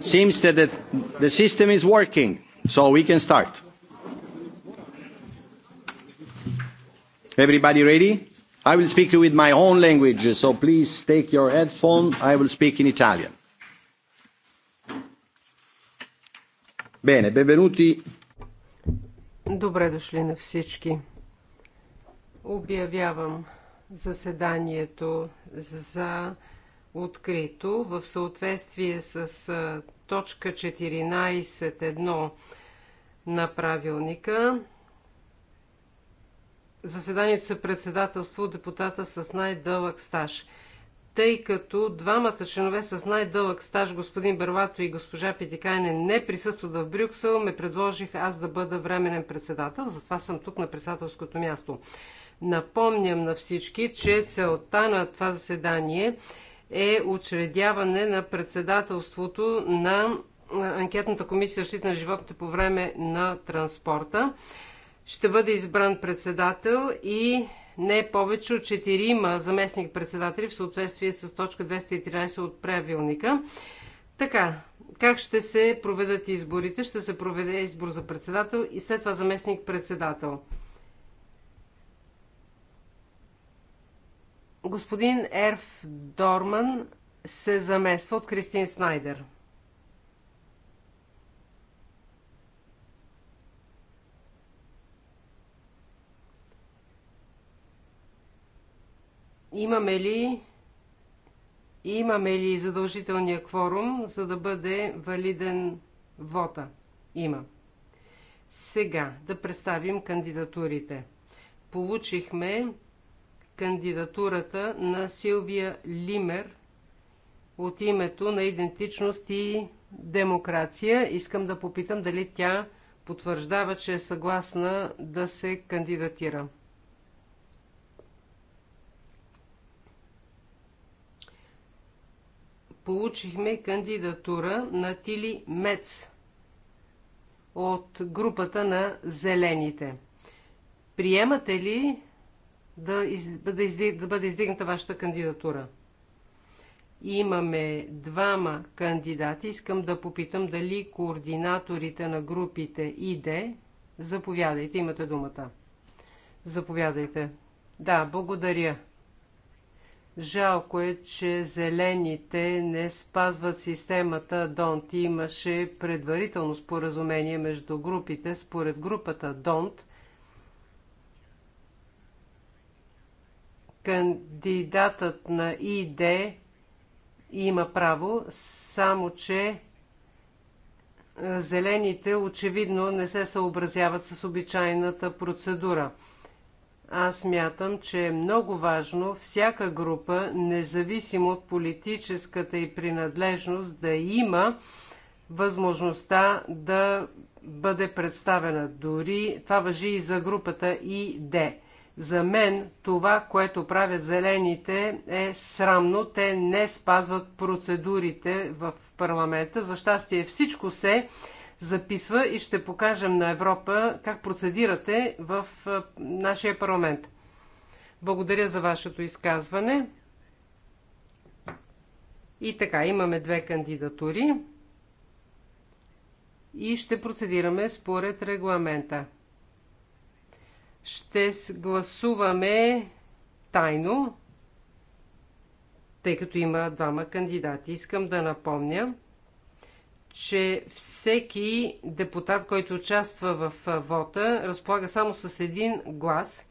seems that the, system is working, so we can start. Everybody ready? I will speak with my own language, so please take your headphone. I will speak in Italian. Bene, benvenuti. Добре дошли на всички. Обявявам заседанието за открито в съответствие с точка 14.1 на правилника. Заседанието се председателство от депутата с най-дълъг стаж. Тъй като двамата членове с най-дълъг стаж, господин Бървато и госпожа Петикайне, не присъстват в Брюксел, ме предложих аз да бъда временен председател, затова съм тук на председателското място. Напомням на всички, че целта на това заседание е е учредяване на председателството на анкетната комисия защита на животните по време на транспорта. Ще бъде избран председател и не повече от четирима заместник председатели в съответствие с точка 213 от правилника. Така, как ще се проведат изборите? Ще се проведе избор за председател и след това заместник председател. Господин Ерф Дорман се замества от Кристин Снайдер. Имаме ли имаме ли задължителния кворум, за да бъде валиден вота? Има. Сега да представим кандидатурите. Получихме кандидатурата на Силвия Лимер от името на идентичност и демокрация. Искам да попитам дали тя потвърждава, че е съгласна да се кандидатира. Получихме кандидатура на Тили Мец от групата на Зелените. Приемате ли да, из, да, издиг, да бъде издигната вашата кандидатура. Имаме двама кандидати. Искам да попитам дали координаторите на групите ИД. Заповядайте, имате думата. Заповядайте. Да, благодаря. Жалко е, че зелените не спазват системата ДОНТ. Имаше предварително споразумение между групите. Според групата ДОНТ кандидатът на ИД има право, само че е, зелените очевидно не се съобразяват с обичайната процедура. Аз мятам, че е много важно всяка група, независимо от политическата и принадлежност, да има възможността да бъде представена. Дори това въжи и за групата ИД. За мен това, което правят зелените е срамно. Те не спазват процедурите в парламента. За щастие всичко се записва и ще покажем на Европа как процедирате в нашия парламент. Благодаря за вашето изказване. И така, имаме две кандидатури и ще процедираме според регламента ще гласуваме тайно, тъй като има двама кандидати. Искам да напомня, че всеки депутат, който участва в вота, разполага само с един глас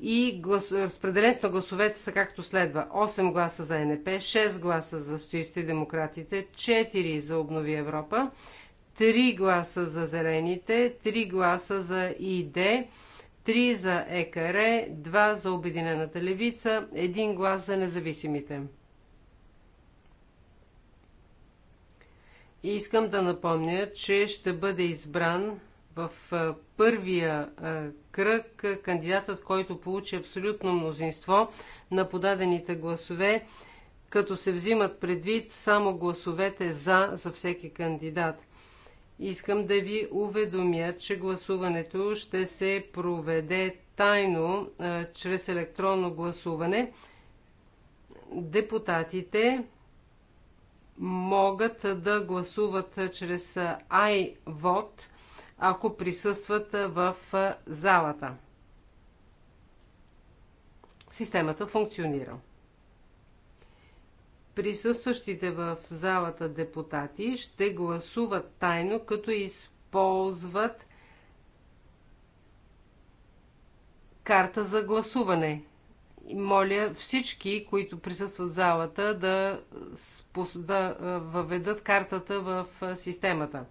и глас... разпределението на гласовете са както следва. 8 гласа за НП, 6 гласа за Стоистите и демократите, 4 за Обнови Европа, 3 гласа за Зелените, 3 гласа за ИД, 3 за ЕКР, 2 за Обединената левица, 1 глас за независимите. И искам да напомня, че ще бъде избран в първия кръг кандидатът, който получи абсолютно мнозинство на подадените гласове, като се взимат предвид само гласовете за за всеки кандидат – Искам да ви уведомя, че гласуването ще се проведе тайно а, чрез електронно гласуване. Депутатите могат да гласуват чрез IVOT, ако присъстват в залата. Системата функционира присъстващите в залата депутати ще гласуват тайно, като използват карта за гласуване. Моля всички, които присъстват в залата, да, да въведат картата в системата.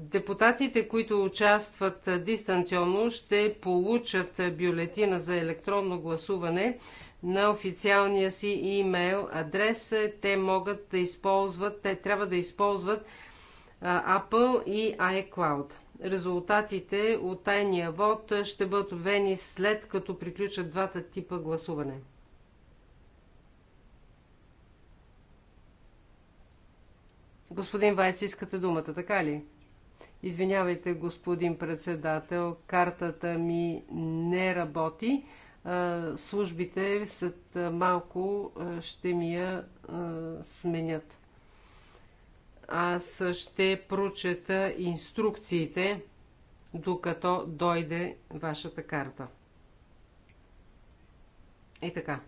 Депутатите, които участват дистанционно, ще получат бюлетина за електронно гласуване на официалния си имейл адрес. Те могат да използват, те трябва да използват Apple и iCloud. Резултатите от тайния вод ще бъдат обвени след като приключат двата типа гласуване. Господин Вайц, искате думата, така ли? Извинявайте, господин председател, картата ми не работи. Службите след малко ще ми я сменят. Аз ще прочета инструкциите, докато дойде вашата карта. И така.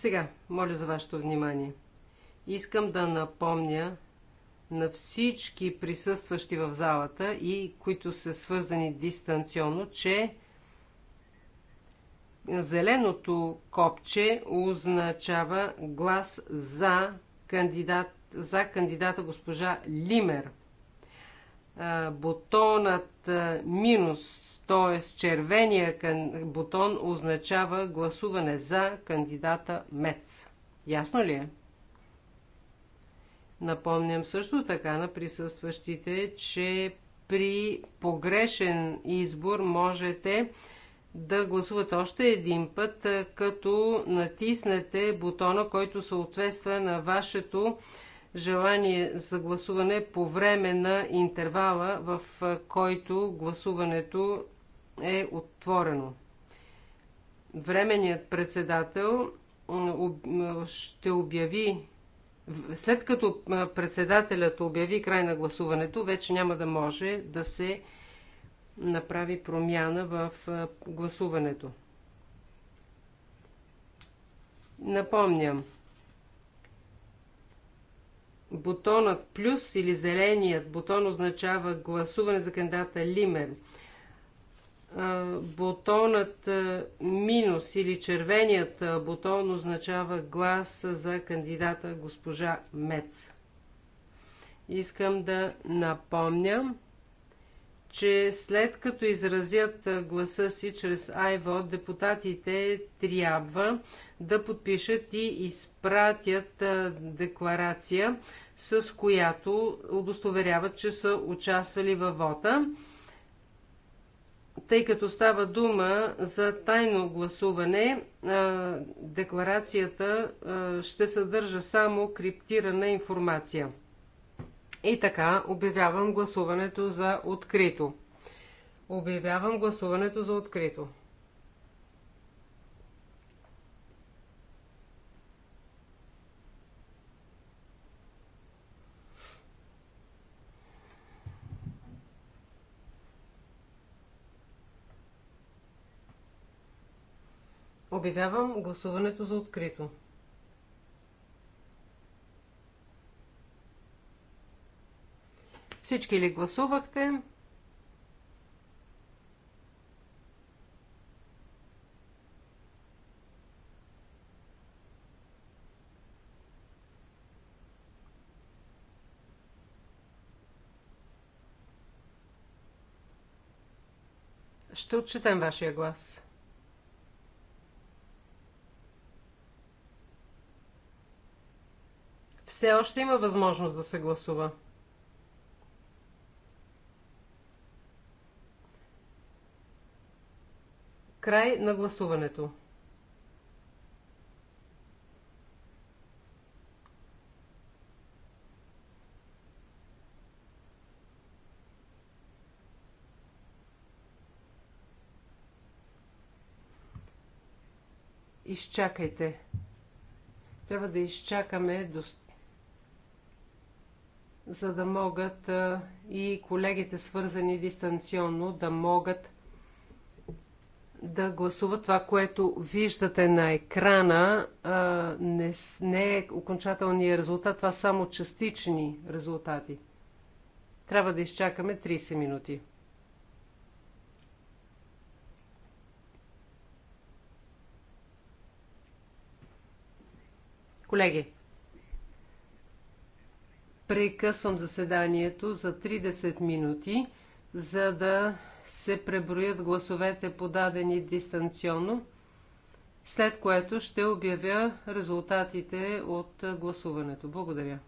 Сега, моля за вашето внимание. Искам да напомня на всички присъстващи в залата и които са свързани дистанционно, че зеленото копче означава глас за, кандидат, за кандидата госпожа Лимер. Бутонът минус т.е. червения бутон означава гласуване за кандидата МЕЦ. Ясно ли е? Напомням също така на присъстващите, че при погрешен избор можете да гласувате още един път, като натиснете бутона, който съответства на вашето желание за гласуване по време на интервала, в който гласуването е отворено. Временният председател ще обяви, след като председателят обяви край на гласуването, вече няма да може да се направи промяна в гласуването. Напомням, бутонът плюс или зеленият бутон означава гласуване за кандидата Лимер – бутонът минус или червеният бутон означава глас за кандидата госпожа Мец. Искам да напомня, че след като изразят гласа си чрез iVote, депутатите трябва да подпишат и изпратят декларация, с която удостоверяват, че са участвали във вота. Тъй като става дума за тайно гласуване, декларацията ще съдържа само криптирана информация. И така обявявам гласуването за открито. Обявявам гласуването за открито. Обявявам гласуването за открито. Всички ли гласувахте? Ще отчетем вашия глас. Все още има възможност да се гласува. Край на гласуването. Изчакайте. Трябва да изчакаме до за да могат и колегите свързани дистанционно да могат да гласуват това, което виждате на екрана, не, не е окончателният резултат, това само частични резултати. Трябва да изчакаме 30 минути. Колеги, Прекъсвам заседанието за 30 минути, за да се преброят гласовете подадени дистанционно, след което ще обявя резултатите от гласуването. Благодаря.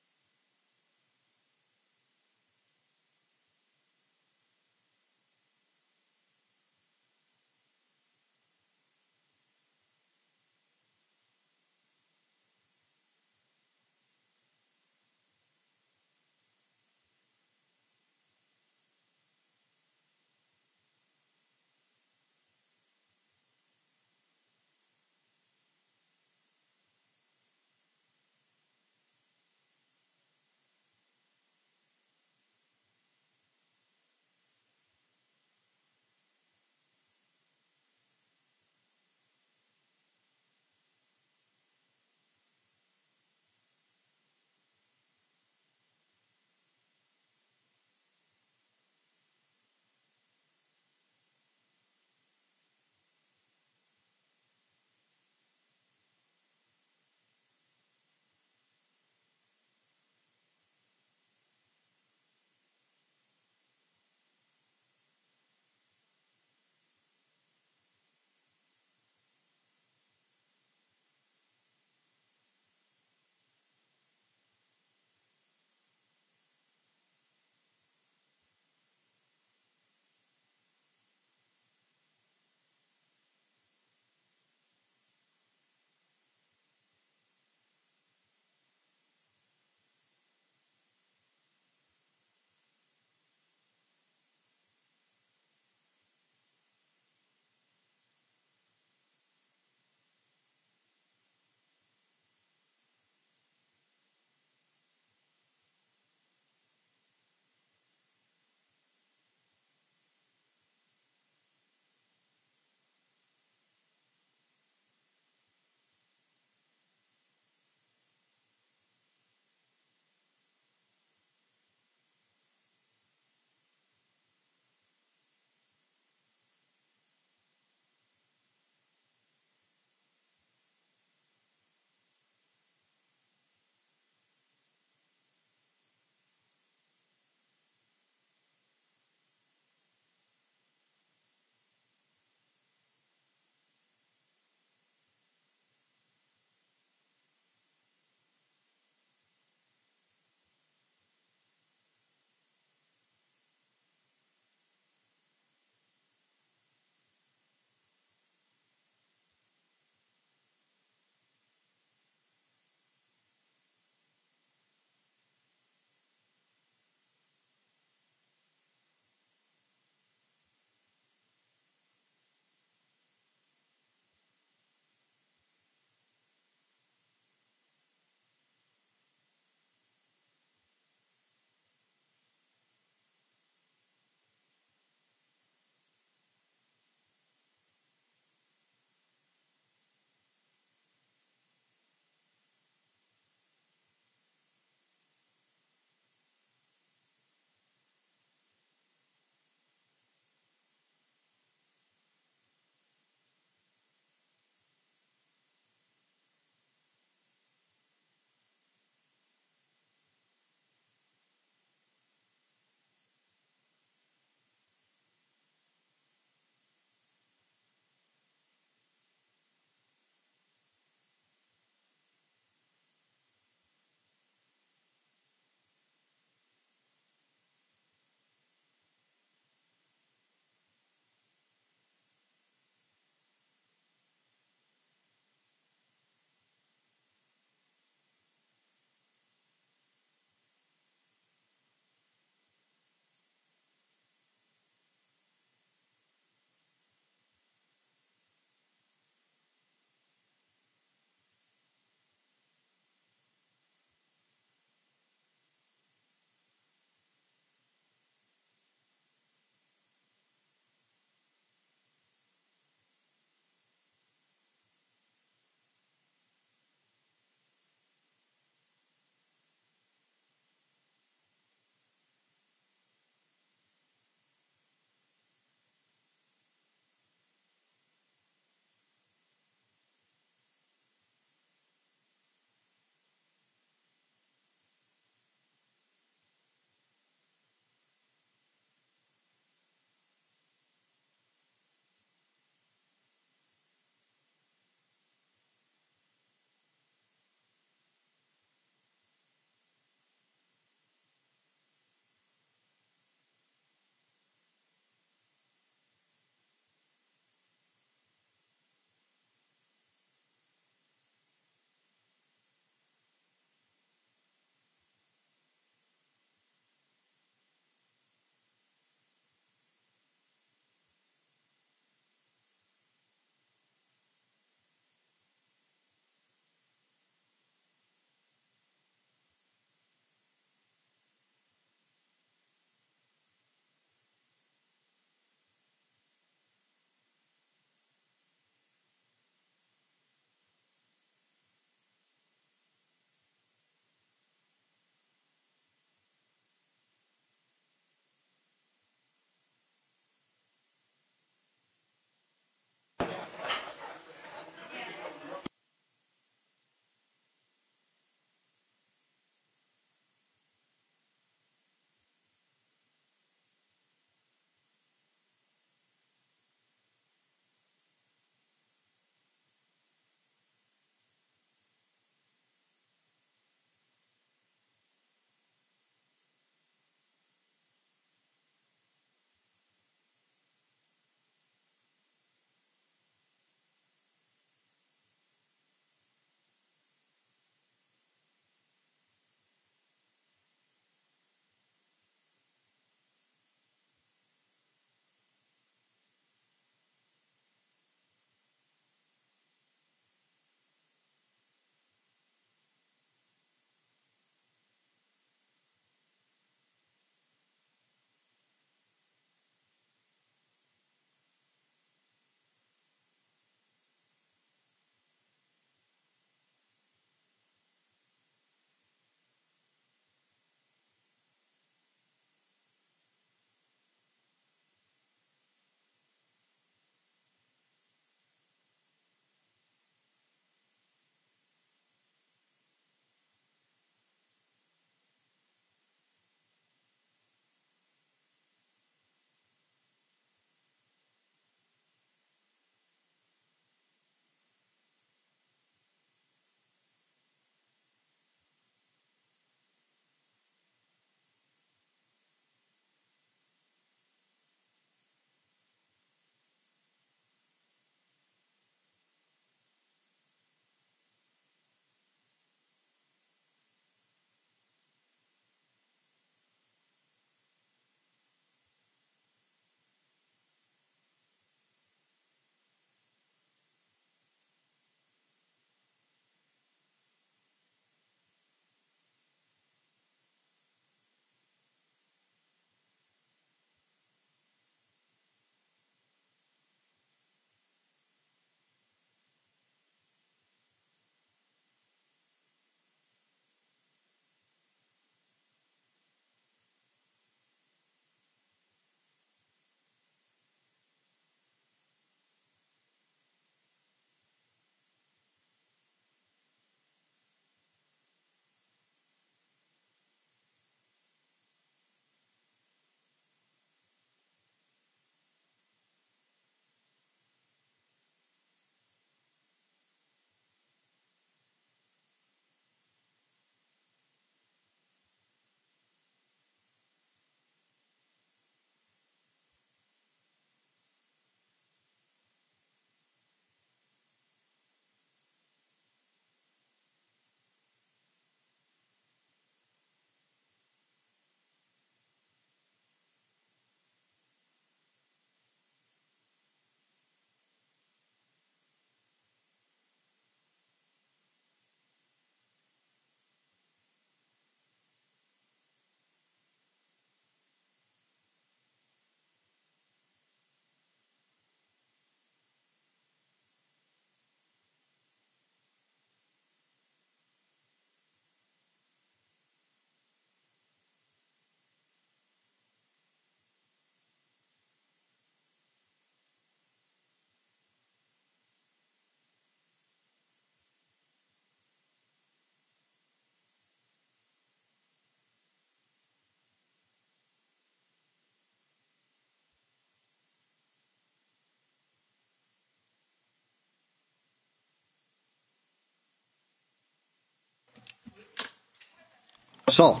So,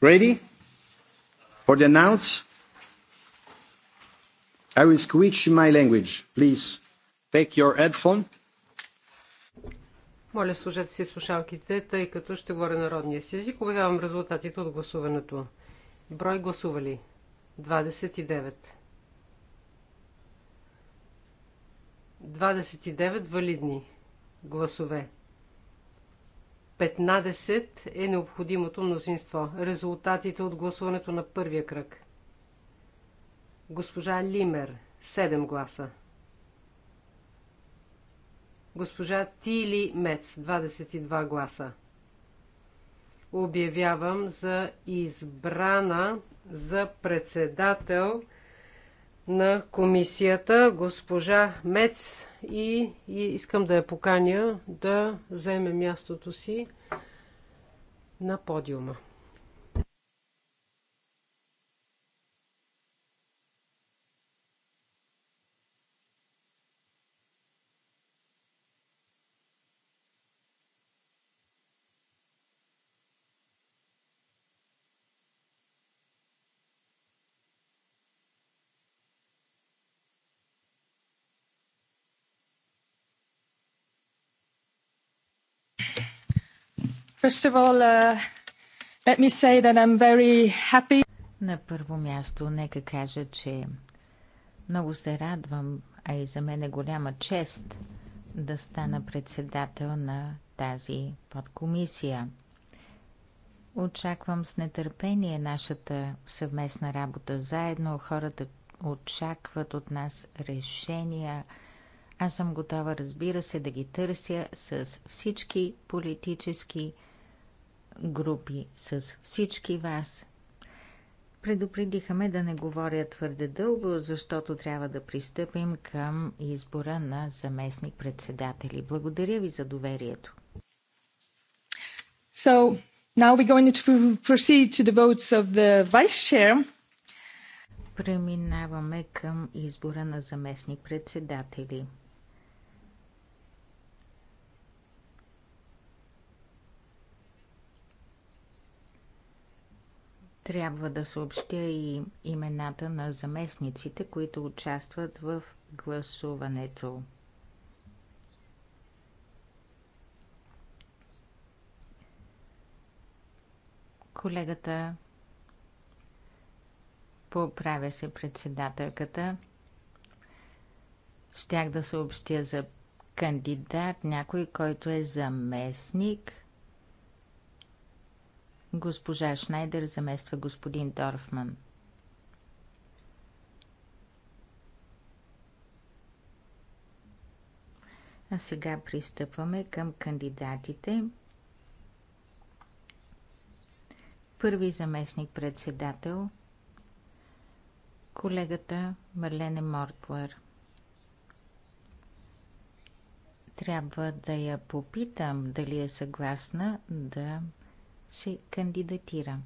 ready for the announce? I will switch my language. Please take your headphone. Моля, служете си слушалките, тъй като ще говоря народния си език. Обявявам резултатите от гласуването. Брой гласували 29. 29 валидни гласове. 15 е необходимото мнозинство. Резултатите от гласуването на първия кръг. Госпожа Лимер 7 гласа. Госпожа Тили Мец 22 гласа. Обявявам за избрана за председател на комисията, госпожа Мец, и, и искам да я поканя да вземе мястото си на подиума. First of all, uh, let me say that I'm very happy. На първо място, нека кажа, че много се радвам, а и за мен е голяма чест да стана председател на тази подкомисия. Очаквам с нетърпение нашата съвместна работа заедно. Хората очакват от нас решения. Аз съм готова, разбира се, да ги търся с всички политически групи с всички вас. Предупредиха ме да не говоря твърде дълго, защото трябва да пристъпим към избора на заместник-председатели. Благодаря ви за доверието. So, now we're going to proceed to the votes of the vice chair. Преминаваме към избора на заместник-председатели. Трябва да съобщя и имената на заместниците, които участват в гласуването. Колегата поправя се председателката. Щях да съобщя за кандидат, някой, който е заместник – Госпожа Шнайдер замества господин Дорфман. А сега пристъпваме към кандидатите. Първи заместник председател колегата Марлене Мортлер. Трябва да я попитам дали е съгласна да се кандидатира.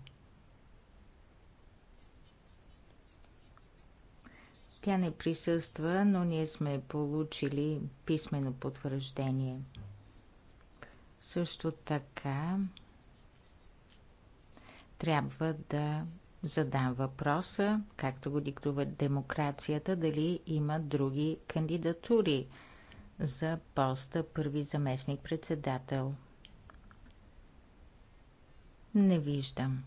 Тя не присъства, но ние сме получили писмено потвърждение. Също така трябва да задам въпроса, както го диктува демокрацията, дали има други кандидатури за поста първи заместник председател. Не виждам.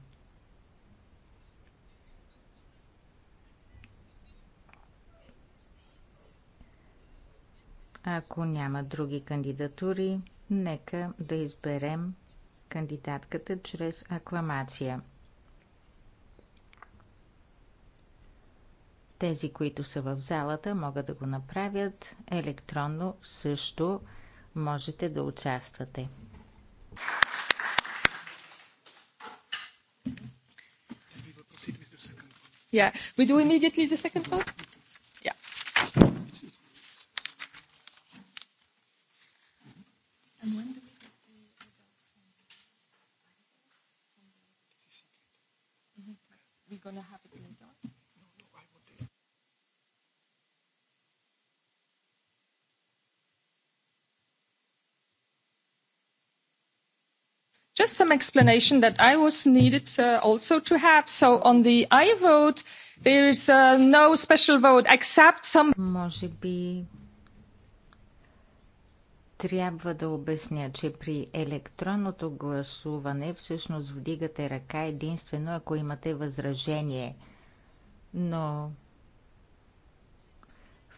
Ако няма други кандидатури, нека да изберем кандидатката чрез акламация. Тези, които са в залата, могат да го направят електронно също. Можете да участвате. Yeah. We do immediately the second part? just some explanation that I was needed uh, also to have. So on the I vote, there is uh, no special vote except some... Може би трябва да обясня, че при електронното гласуване всъщност вдигате ръка единствено, ако имате възражение. Но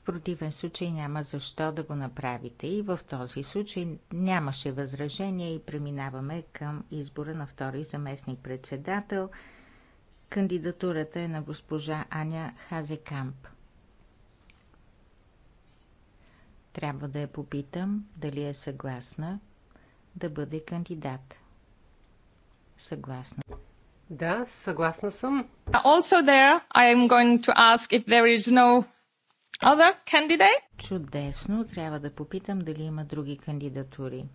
противен случай няма защо да го направите. И в този случай нямаше възражение и преминаваме към избора на втори заместник-председател. Кандидатурата е на госпожа Аня Хазекамп. Трябва да я попитам дали е съгласна да бъде кандидат. Съгласна. Да, съгласна съм. Also there, I am going to ask if there is no Other candidate? Чудесно. Трябва да попитам дали има други кандидатури.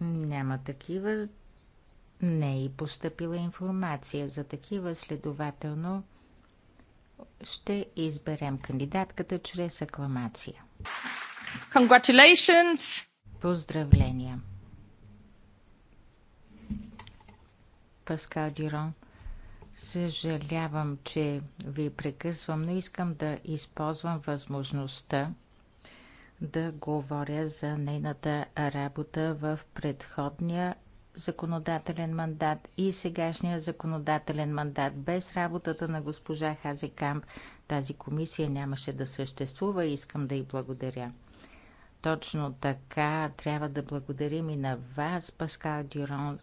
Няма такива. Не е и поступила информация за такива, следователно ще изберем кандидатката чрез акламация. Congratulations! Поздравления! Паскал Дирон. Съжалявам, че ви прекъсвам, но искам да използвам възможността да говоря за нейната работа в предходния законодателен мандат и сегашния законодателен мандат. Без работата на госпожа Хазекамп тази комисия нямаше да съществува и искам да й благодаря. Точно така трябва да благодарим и на вас, Паскал Дюрон,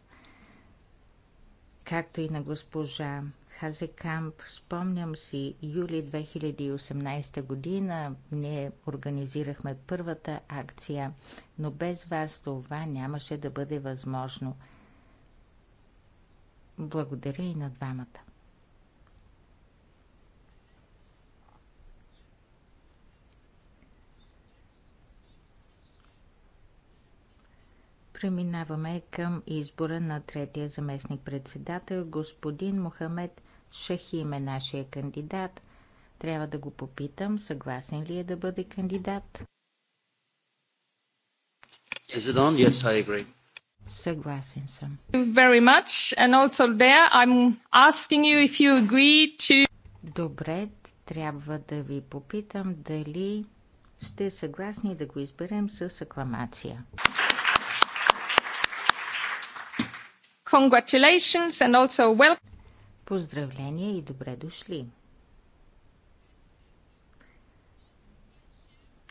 както и на госпожа Хазекамп. Спомням си, юли 2018 година ние организирахме първата акция, но без вас това нямаше да бъде възможно. Благодаря и на двамата. Преминаваме към избора на третия заместник-председател. Господин Мохамед Шахим е нашия кандидат. Трябва да го попитам, съгласен ли е да бъде кандидат? Is it on? Yes, I agree. Съгласен съм. Very much. And also there, I'm asking you if you agree to... Добре, трябва да ви попитам дали сте съгласни да го изберем с акламация. Congratulations and also welcome. Поздравления и добре дошли.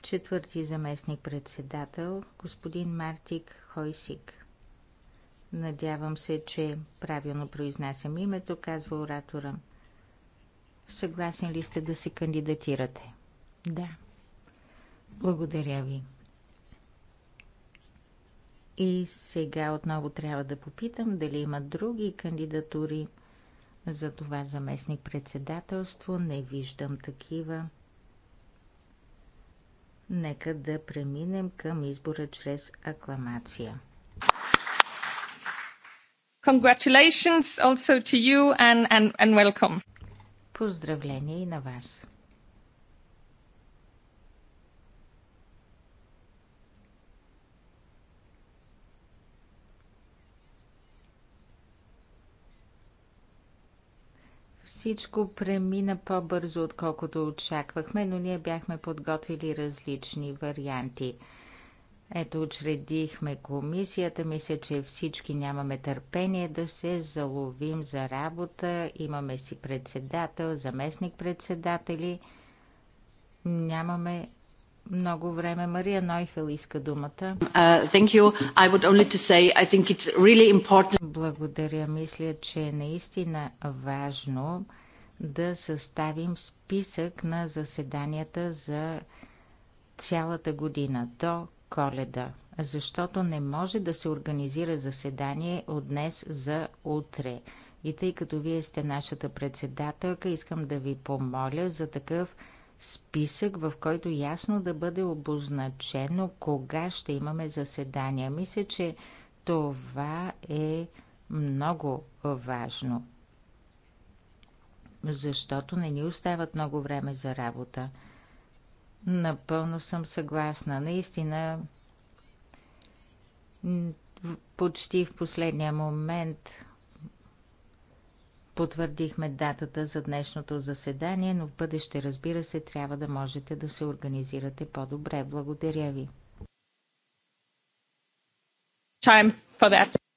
Четвърти заместник председател, господин Мартик Хойсик. Надявам се, че правилно произнасям името, казва оратора. Съгласен ли сте да се кандидатирате? Да. Благодаря ви. И сега отново трябва да попитам дали има други кандидатури за това заместник председателство. Не виждам такива. Нека да преминем към избора чрез акламация. Congratulations also to you and, and, and welcome. Поздравление и на вас. Всичко премина по-бързо, отколкото очаквахме, но ние бяхме подготвили различни варианти. Ето, учредихме комисията. Мисля, че всички нямаме търпение да се заловим за работа. Имаме си председател, заместник председатели. Нямаме много време. Мария Нойхел иска думата. Uh, say, really Благодаря. Мисля, че е наистина важно да съставим списък на заседанията за цялата година до коледа, защото не може да се организира заседание от днес за утре. И тъй като вие сте нашата председателка, искам да ви помоля за такъв списък, в който ясно да бъде обозначено кога ще имаме заседания. Мисля, че това е много важно, защото не ни остават много време за работа. Напълно съм съгласна. Наистина, почти в последния момент Потвърдихме датата за днешното заседание, но в бъдеще, разбира се, трябва да можете да се организирате по-добре. Благодаря ви. Time for that.